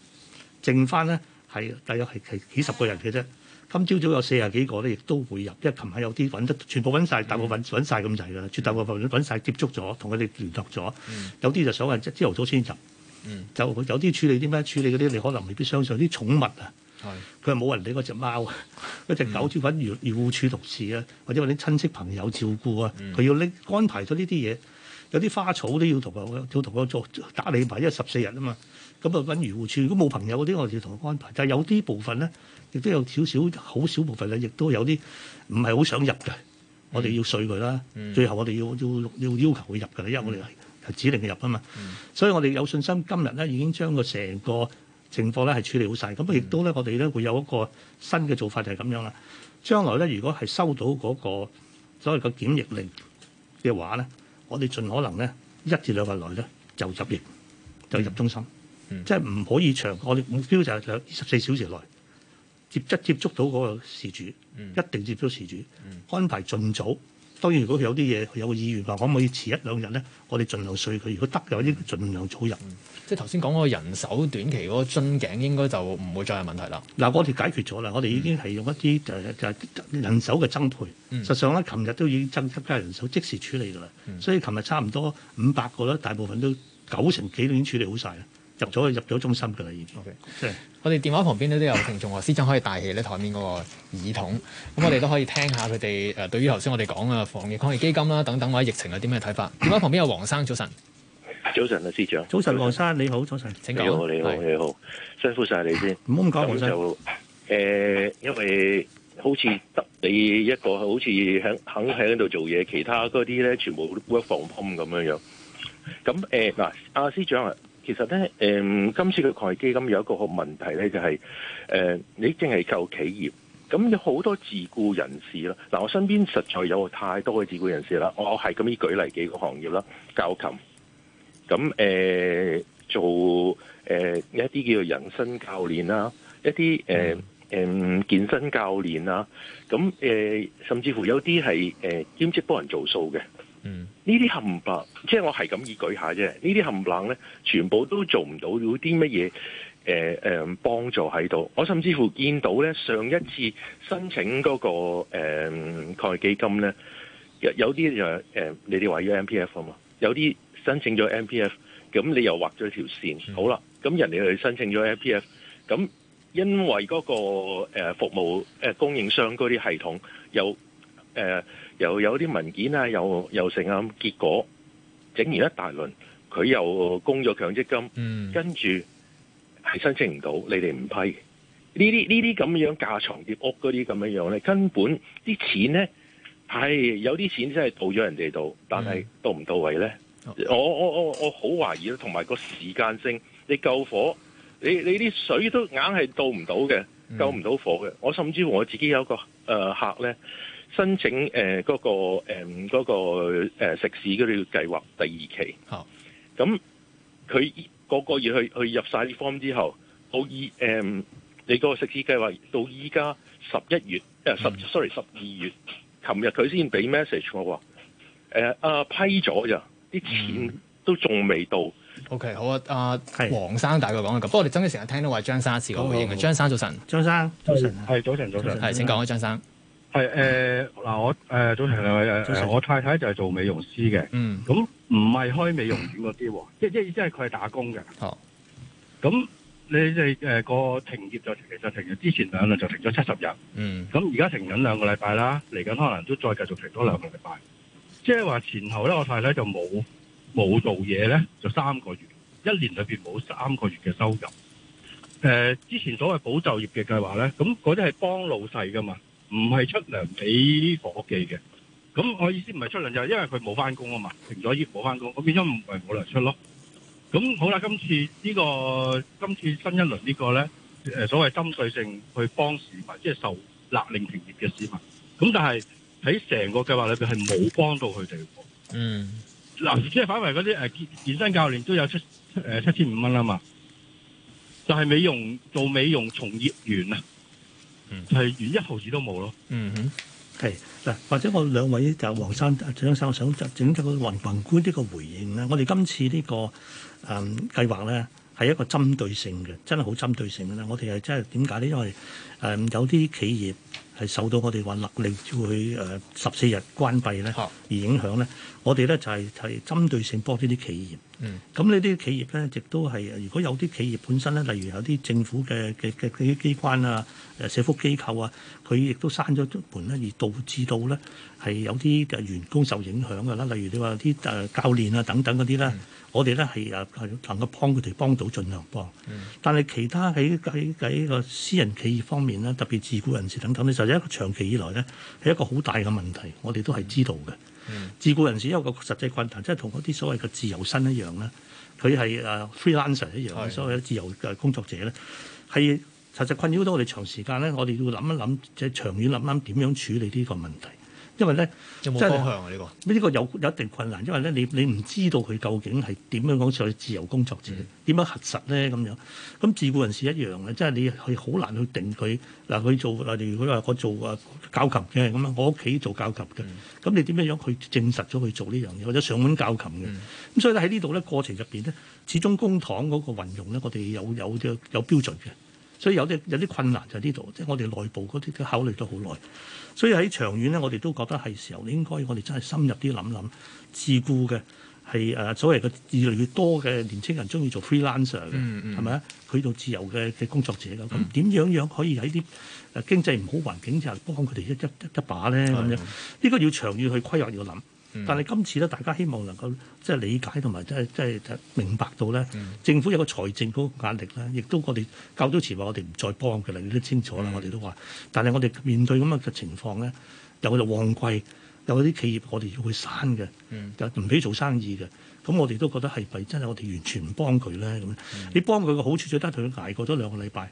C: 剩翻咧。係，大約係幾十個人嘅啫。今朝早有四十幾個咧，亦都會入，因為琴晚有啲揾得全部揾曬，大部分揾曬咁滯㗎，絕大部分揾曬接觸咗，同佢哋聯絡咗。有啲就想話朝頭早先入，嗯、就有啲處理啲咩？處理嗰啲你可能未必相信啲、嗯、寵物啊，佢係冇人理嗰隻貓啊，嗰隻、嗯、 <laughs> 狗要揾漁護處同事啊，或者揾啲親戚朋友照顧啊。佢、嗯、要拎安排咗呢啲嘢，有啲花草都要同佢要同佢做打理埋，因為十四日啊嘛。咁啊，揾漁護處。如果冇朋友嗰啲，我哋要同佢安排。但係有啲部分咧，亦都有少少好少部分咧，亦都有啲唔係好想入嘅。我哋要睡佢啦。最後我哋要要要要求佢入嘅，因為我哋係指令佢入啊嘛。所以我哋有信心，今日咧已經將個成個情況咧係處理好晒。咁亦都咧，我哋咧會有一個新嘅做法，就係咁樣啦。將來咧，如果係收到嗰個所謂嘅檢疫令嘅話咧，我哋盡可能咧一至兩日內咧就入營就入中心。嗯、即係唔可以長。我哋目標就係兩二十四小時內接一接觸到嗰個事主，嗯、一定接觸事主，嗯、安排盡早。當然，如果佢有啲嘢佢有個意願話，可唔可以遲一兩日咧？我哋盡量隨佢。如果得嘅，應該，儘量早入。嗯、即係頭先講嗰人手短期嗰個樽頸，應該就唔會再有問題啦。嗱，我哋解決咗啦。我哋已經係用一啲就人手嘅增配。嗯、實際上咧，琴日都已經增增加人手，即時處理㗎啦。嗯、所以琴日差唔多五百個咧，大部分都九成幾都已經處
B: 理好晒啦。入咗入咗中心㗎啦，已經。我哋電話旁邊咧都有聽眾啊，司長可以帶起咧台面嗰個耳筒，咁、嗯、我哋都可以聽下佢哋誒對於頭先我哋講嘅防疫抗疫基金啦、等等或者疫情有啲咩睇法？電話旁邊有黃生，早晨。
E: 早晨啊，司長。早
B: 晨，黃生你好，早晨。請你好，
E: 你好，你好辛苦晒你先。唔好唔該，黃生。誒、呃，因為好似你一個，好似肯肯喺度做嘢，其他嗰啲咧全部 work from home 咁樣樣。咁誒嗱，阿、啊、司長啊。其實咧，誒、呃、今次嘅抗疫基金有一個問題咧，就係、是、誒、呃、你淨係救企業，咁有好多自雇人士咯。嗱、啊，我身邊實在有太多嘅自雇人士啦。我係咁樣舉例幾個行業啦，教琴，咁誒、呃、做誒、呃、一啲叫做人生教練啦，一啲誒誒健身教練啦，咁、啊、誒、呃、甚至乎有啲係誒兼職幫人做數嘅。嗯，呢啲冚唪唥，即係我係咁意舉下啫。呢啲冚唪唥咧，全部都做唔到有啲乜嘢誒誒幫助喺度。我甚至乎見到咧，上一次申請嗰、那個誒、呃、抗疫基金咧，有啲誒誒，你哋話要 M P F 吖嘛，有啲申請咗 M P F，咁你又畫咗條線，嗯、好啦，咁人哋去申請咗 M P F，咁因為嗰個服務誒、呃、供應商嗰啲系統有。誒、呃，又有啲文件啊，又又成啊，結果整完一大輪，佢又供咗強積金，mm. 跟住係申請唔到，你哋唔批。呢啲呢啲咁樣架床疊屋嗰啲咁樣樣咧，根本啲錢咧係有啲錢真係到咗人哋度，但係到唔到位咧、mm.？我我我我好懷疑啦，同埋個時間性，你救火，你你啲水都硬係到唔到嘅，mm. 救唔到火嘅。我甚至乎我自己有個誒、呃、客咧。申請誒、那、嗰個誒嗰、那個、食肆嗰啲計劃第二期，好咁佢個個月去去入晒啲 form 之後，好依誒你個食肆計劃到依家十一月誒十 sorry 十二月，琴日佢先俾 message 我話誒啊批咗咋，啲錢都仲未到。
B: OK 好啊，阿、啊、黃 Yes. 生大概講緊咁。不過你真係成日聽到話張生一好個回張生早晨，張生早晨，係早晨早晨，係請講啊，張生。
A: 係誒，嗱、呃、我誒，早前兩日，呃、我太太就係做美容師嘅。嗯。咁唔係開美容院嗰啲，
B: 即即即係佢係打
A: 工嘅。哦。咁你哋誒個停業就其實停咗之前兩日，就停咗七十日。嗯。咁而家停緊兩個禮拜啦，嚟緊可能都再繼續停多兩個禮拜。即係話前後咧，我太太就冇冇做嘢咧，就三個月，一年裏邊冇三個月嘅收入。誒、呃，之前所謂保就業嘅計劃咧，咁嗰啲係幫老細噶嘛？唔係出糧俾夥計嘅，咁我意思唔係出糧，就係因為佢冇翻工啊嘛，停咗業冇翻工，我變咗唔係冇糧出咯。咁好啦，今次呢、這個今次新一輪呢個咧，誒、呃、所謂針對性去幫市民，即係受勒令停業嘅市民。咁但係喺成個計劃裏邊係冇幫到佢哋。嗯、嗱、啊，即係反為嗰啲誒健健身教練都有七誒、呃、七千五蚊啊嘛，就係美容做美容從業員啊。
C: 係完一毫子都冇咯。嗯哼，係嗱，或者我兩位就黃、是、生、張、 <noise> 啊、生，我想整出個宏宏觀啲個回應咧。我哋今次呢、這個誒、呃、計劃咧，係一個針對性嘅，真係好針對性嘅咧。我哋係真係點解呢？因為誒、呃、有啲企業係受到我哋話勒令要佢十四日關閉咧，而影響咧，我哋咧就係、是、係針對性幫呢啲企業。嗯，咁呢啲企業咧，亦都係如果有啲企業本身咧，例如有啲政府嘅嘅嘅啲機關啊、誒社福機構啊，佢亦都閂咗門咧，而導致到咧係有啲嘅員工受影響㗎啦。例如你話啲誒教練啊等等嗰啲咧，嗯、我哋咧係誒係能夠幫佢哋幫到，儘量幫。嗯、但係其他喺喺喺個私人企業方面咧，特別自雇人士等等咧，就一個長期以來咧係一個好大嘅問題，我哋都係知道嘅。自僱人士因為個實際困難，即係同啲所謂嘅自由身一樣咧，佢係誒 freelancer 一樣，一樣是的 所謂嘅自由嘅工作者咧，係實實困擾到我哋長時間咧，我哋要諗一諗，即係長遠諗諗點樣處理呢個問題。因為咧，有冇方向啊？呢個呢個有有一定困難，因為咧，你你唔知道佢究竟係點樣講去自由工作者點、嗯、樣核實咧咁樣。咁自僱人士一樣嘅，即係你係好難去定佢嗱佢做嗱。你如果話我做啊教琴嘅咁啊，我屋企做教琴嘅，咁、嗯、你點樣樣去證實咗佢做呢樣嘢或者上門教琴嘅？咁、嗯、所以咧喺呢度咧過程入邊咧，始終公帑嗰個運用咧，我哋有有啲有，有標準嘅。所以有啲有啲困難就喺呢度，即係我哋內部嗰啲都考慮咗好耐。所以喺長遠咧，我哋都覺得係時候應該，我哋真係深入啲諗諗，自僱嘅係誒所謂嘅越嚟越多嘅年青人中意做 freelancer 嘅，係咪啊？佢、嗯、做自由嘅嘅工作者嘅，咁點、嗯、樣樣可以喺啲誒經濟唔好環境之下幫佢哋一一一把咧？咁樣呢個要長遠去規劃要諗。但係今次咧，大家希望能夠即係理解同埋即係即係明白到咧，政府有個財政嗰個壓力咧，亦都我哋較早前話我哋唔再幫佢啦，你都清楚啦，嗯、我哋都話。但係我哋面對咁樣嘅情況咧，有個旺季，有啲企業我哋要去閂嘅，就唔俾做生意嘅，咁我哋都覺得係咪真係我哋完全唔幫佢咧？咁你幫佢嘅好處，最多佢捱過咗兩個禮拜。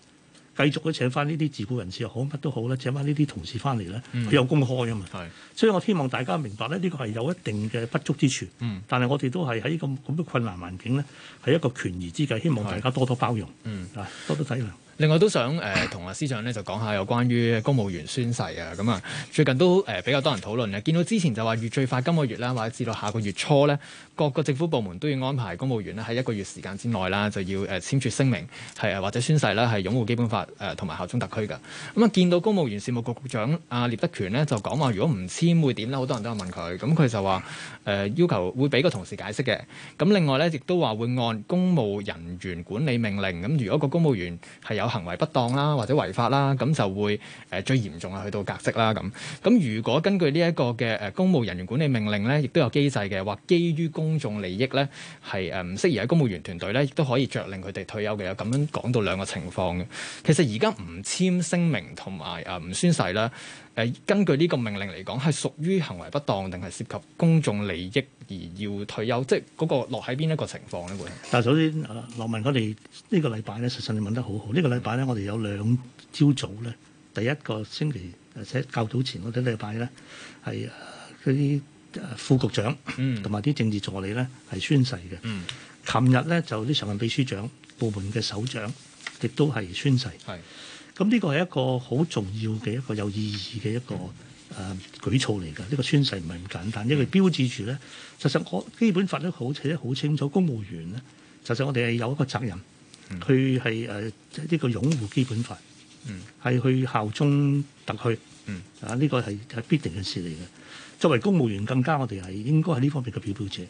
C: 繼續都請返呢啲自僱人士又好，好，乜都好啦，請返呢啲同事返嚟咧，佢、嗯、有公開㗎嘛，是所以我希望大家明白咧，呢個係有一定嘅不足之處。嗯，但係我哋都係喺咁咁嘅困難環境咧，係一個權宜之
B: 計，希望大家多多包
C: 容，嗯，啊多多體諒。
B: 另外都想誒同阿司長咧就講下有關於公務員宣誓啊咁啊，最近都誒、呃、比較多人討論嘅，見到之前就話預最快今個月啦，或者至到下個月初咧。各個政府部門都要安排公務員咧喺一個月時間之內啦，就要誒簽署聲明，係或者宣誓啦，係擁護基本法誒同埋效忠特區嘅。咁啊，見到公務員事務局局長阿聶德權咧就講話，如果唔簽會點咧？好多人都有問佢，咁佢就話誒要求會俾個同事解釋嘅。咁另外咧亦都話會按公務人員管理命令，咁如果個公務員係有行為不當啦或者違法啦，咁就會誒最嚴重係去到革職啦咁。咁如果根據呢一個嘅誒公務人員管理命令咧，亦都有機制嘅，或基於公公眾利益咧係誒唔適宜喺公務員團隊咧，亦都可以着令佢哋退休嘅，有咁樣講到兩個情況嘅。其實而家唔簽聲明同埋誒唔宣誓啦。誒根據呢個命令嚟講係屬於行為不當，定係涉及公眾利益而要退休，即係嗰個落喺邊一個情況咧？會但係首先誒，羅、呃、文，我哋呢個禮拜
C: 咧，實在你問得好好。呢、呢個禮
B: 拜咧，我哋有兩朝早咧，第
C: 一個星期而且較早前嗰啲禮拜咧係誒啲。副局長同埋啲政治助理咧係宣誓嘅。琴、嗯、日咧就啲常任秘書長部門嘅首長亦都係宣誓。咁呢是個係一個好重要嘅一個有意義嘅一個誒、嗯呃、舉措嚟㗎。呢、呢個宣誓唔係咁簡單，嗯、因為標誌住咧，其實我基本法都好似得好清楚，公務員咧，其實我哋係有一個責任，佢係誒呢個擁護基本法，係、嗯、去效忠特區。嗯、啊，呢個係係必定嘅事嚟嘅。作為公務員更加，我哋係應該係呢方面嘅表表者。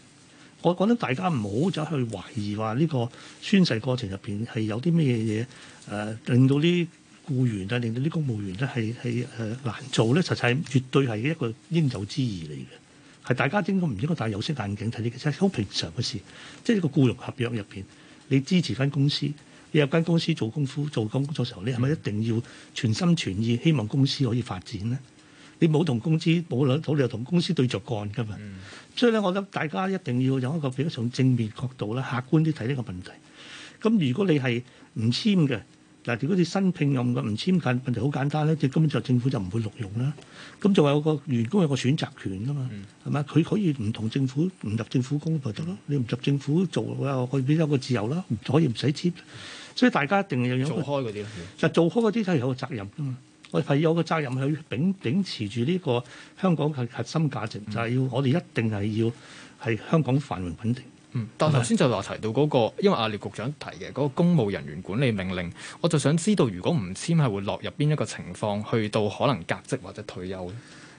C: 我覺得大家唔好走去懷疑話呢個宣誓過程入邊係有啲咩嘢誒令到啲僱員啊，令到啲公務員咧係係誒難做咧，實在係絕對係一個應有之義嚟嘅。係大家應該唔應該戴有色眼鏡睇呢？其實係好平常嘅事，即係個僱傭合約入邊，你支持翻公司，你有間公司做功夫做工作嘅時候，你係咪一定要全心全意希望公司可以發展咧？你冇同公司冇諗好，你又同公司對着幹㗎嘛？嗯、所以咧，我覺得大家一定要有一個比較從正面角度咧，客觀啲睇呢個問題。咁如果你係唔簽嘅，嗱，如果你新聘用嘅唔、嗯、簽㗎，問題好簡單咧，即根本就政府就唔會錄用啦。咁仲有個員工有個選擇權㗎嘛？係咪、嗯？佢可以唔同政府唔入政府工咪得咯？嗯、你唔入政府做啊，佢有個自由啦，可以唔使簽。所以大家一定要一做開嗰啲，就做開嗰啲，睇係有個責任㗎嘛。我係有個責任去秉秉持住呢個香港嘅核心價值，嗯、就係要我哋一
B: 定係要係香港繁榮穩定。嗯，但頭先就話提到嗰個，因為阿廖局長提嘅嗰個公務人員管理命令，我就想知道如果唔簽係會落入邊一個情況，去到可能革職或者退休咧？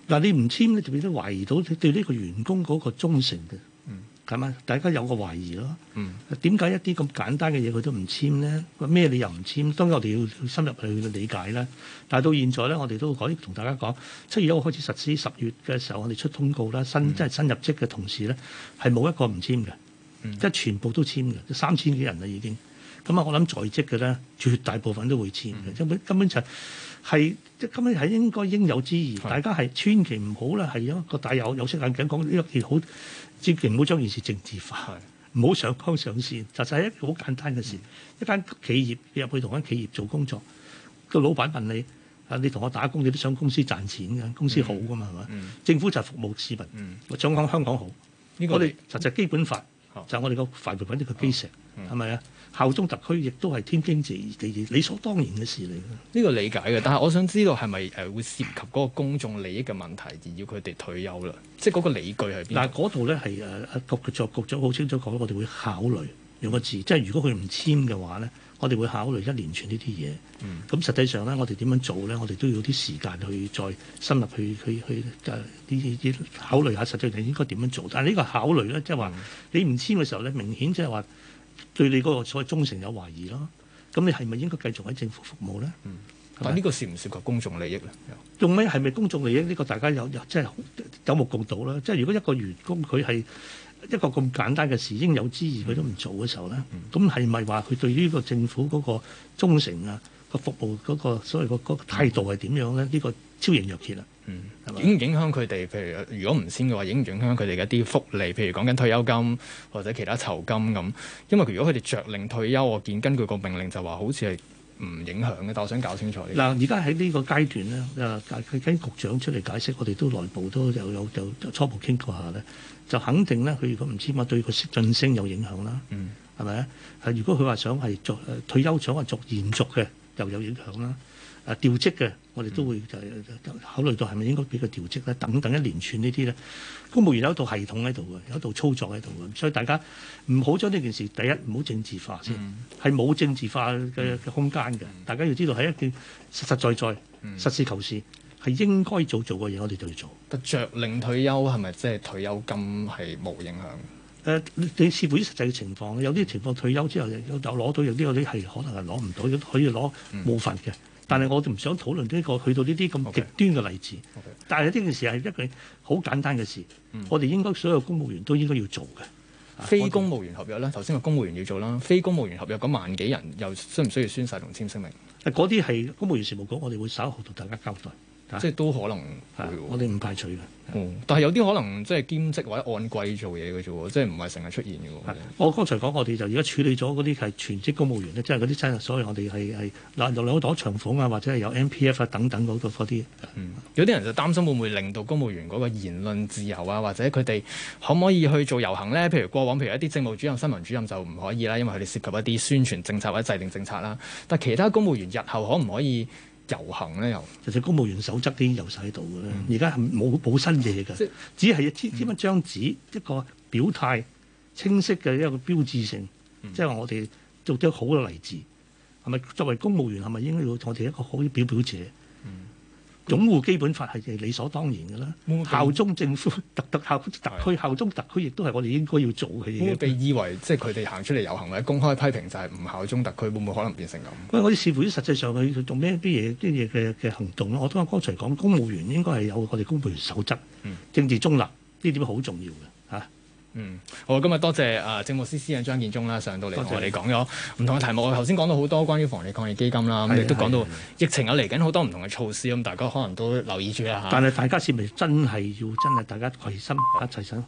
B: 嗱，你唔簽咧就變咗懷疑到你對呢個員工
C: 嗰個忠誠嘅。咁啊！大家有個懷疑咯。點解一啲咁簡單嘅嘢佢都唔簽咧？咩、嗯、理由唔簽？當然我哋要深入去理解啦。但係到現在咧，我哋都同大家講，七月一號開始實施，十月嘅時候我哋出通告啦。新即係、嗯、新入職嘅同事咧，係冇一個唔簽嘅，嗯、即係全部都簽嘅。三千幾人啦已經。咁啊，我諗在職嘅咧，絕大部分都會簽嘅、嗯就係。根本根本就係根本係應該應有之義。嗯、大家係千祈唔好咧，係一個戴有有色眼鏡講呢一件好。積極唔好將件事政治化，唔好是上綱上線。實際係一個好簡單嘅事，嗯、一間企業你入去同間企業做工作，個老闆問你：啊，你同我打工，你都想公司賺錢嘅，公司好㗎嘛係嘛？政府就係服務市民，我想講香港好。呢、這個、我哋實際基本法、哦、就係我哋個繁榮穩定嘅基石，係咪啊？吧效忠特區亦都係天經地義理所當然嘅事嚟嘅。
B: 呢個理解嘅，但係我想知道係咪誒會涉及嗰個公眾利益嘅問題而要佢哋退休啦？即係嗰個理據係邊？但嗰
C: 度咧係誒局作局長好清楚講，我哋會考慮用個字，即係如果佢唔簽嘅話咧，我哋會考慮一連串、嗯、呢啲嘢。咁實際上咧，我哋點樣做咧？我哋都要有啲時間去再深入去去去誒呢啲考慮下，實際上應該點樣做？但係呢個考慮咧，即係話、mm. 你唔簽嘅時候咧，明顯即係話。對你嗰個所謂忠誠有懷疑咯，咁你係咪應該繼續喺政府服務咧、嗯？但呢個涉唔涉及公眾利益咧？仲咩係咪公眾利益？呢個大家有有即係有，有目共睹啦。即係如果一個員工佢係一個咁簡單嘅事應有之義佢都唔做嘅時候咧，咁係咪話佢對呢個政府嗰個忠誠啊個服務嗰個所謂個嗰個態度係點
B: 樣咧？呢個昭然若揭啊！嗯，影唔影響佢哋？譬如如果唔簽嘅話，影唔影響佢哋嘅一啲福利？譬如講緊退休金或者其他酬金咁。因為如果佢哋著令退休，我見根據個命令就話好似係唔影響嘅。但係我想搞清楚。嗱，而家喺呢個階
C: 段咧，誒，跟跟局長出嚟解釋，我哋都內部都有有有初步傾過下咧，就肯定咧，佢如果唔簽嘛，對佢晉升有影響啦。嗯，係咪？係如果佢話想係做退休咗係續延續嘅，又有影響啦。啊，調職嘅，我哋都會就考慮到係咪應該俾佢調職咧？嗯、等等一連串呢啲咧，公務員有一套系統喺度嘅，有一套操作喺度嘅，所以大家唔好將呢件事第一唔好政治化先，係冇、嗯、政治化嘅嘅、嗯、空間嘅。大家要知道係一件實實在在，在、嗯、實事求是係應該做做嘅嘢，我哋就要做。得著令退休係咪即係退休金
B: 係冇影響？
C: 誒、呃，你視乎啲實際嘅情況，有啲情況退休之後有之後有攞到，有啲有啲係可能係攞唔到，可以攞冇份嘅。但係我唔想討論呢個去到呢啲咁極端嘅例子。Okay. Okay. 但係呢件事係一個好簡單嘅事，嗯、我哋應該
B: 所有公務員都應該要做嘅。非公務員合約咧，頭先個公務員要做啦，非公務員合約嗰萬幾人又需唔需要宣誓同簽聲明？嗰啲係公務員事務局，我哋會稍後同大家交代。即係都可能，我哋唔排除嘅、哦。但係有啲可能即係兼職或者按季做嘢嘅啫喎，即係唔係成日出現嘅喎。我剛才講，我哋就而家處理咗嗰啲係全
C: 職公務員咧，即係嗰啲親所以我哋係係嗱，你攞長俸啊，或者係有 M P F 啊等等
B: 嗰啲。有啲人就擔心會唔會令到公務員嗰個言論自由啊，或者佢哋可唔可以去做遊行呢？譬如過往，譬如一啲政務主任、新聞主任就唔可以啦，因為佢哋涉及一啲宣傳政策或者制定政策啦。但係其他公務員日後可唔可以？遊行咧，又其實公務員守則已經有曬喺度嘅咧，而家係冇冇新嘢嘅，即係只係簽簽一張紙、
C: 嗯、一個表態清晰嘅一個標誌性，即係話我哋做咗好嘅例子，係咪作為公務員係咪應該要我哋一個可以表表者？擁護基本法係理所當然嘅啦，效忠政府、特特效特區、效忠特區，亦都係我哋應該要做嘅嘢。被以為即係佢哋行出嚟遊行或者公開批評就係唔效忠特區，會唔會可能變成咁？喂，我哋視乎於實際上佢做咩啲嘢、啲嘢嘅嘅行動咯。我剛剛，剛才講，公務員應該係有我哋公務員守則，嗯、政治中立呢點好重要
B: 嘅。嗯，好，今日多謝誒政、呃、務司司長張建宗啦，上到嚟同我哋講咗唔同嘅題目。嗯、我頭先講到好多關於防疫抗疫基金啦，咁亦都講到疫情又嚟緊好多唔同嘅措施，咁大家可能都留意住啦嚇。但係大家是咪真係要真係大家齊心一齊心？ <noise> <noise> <noise>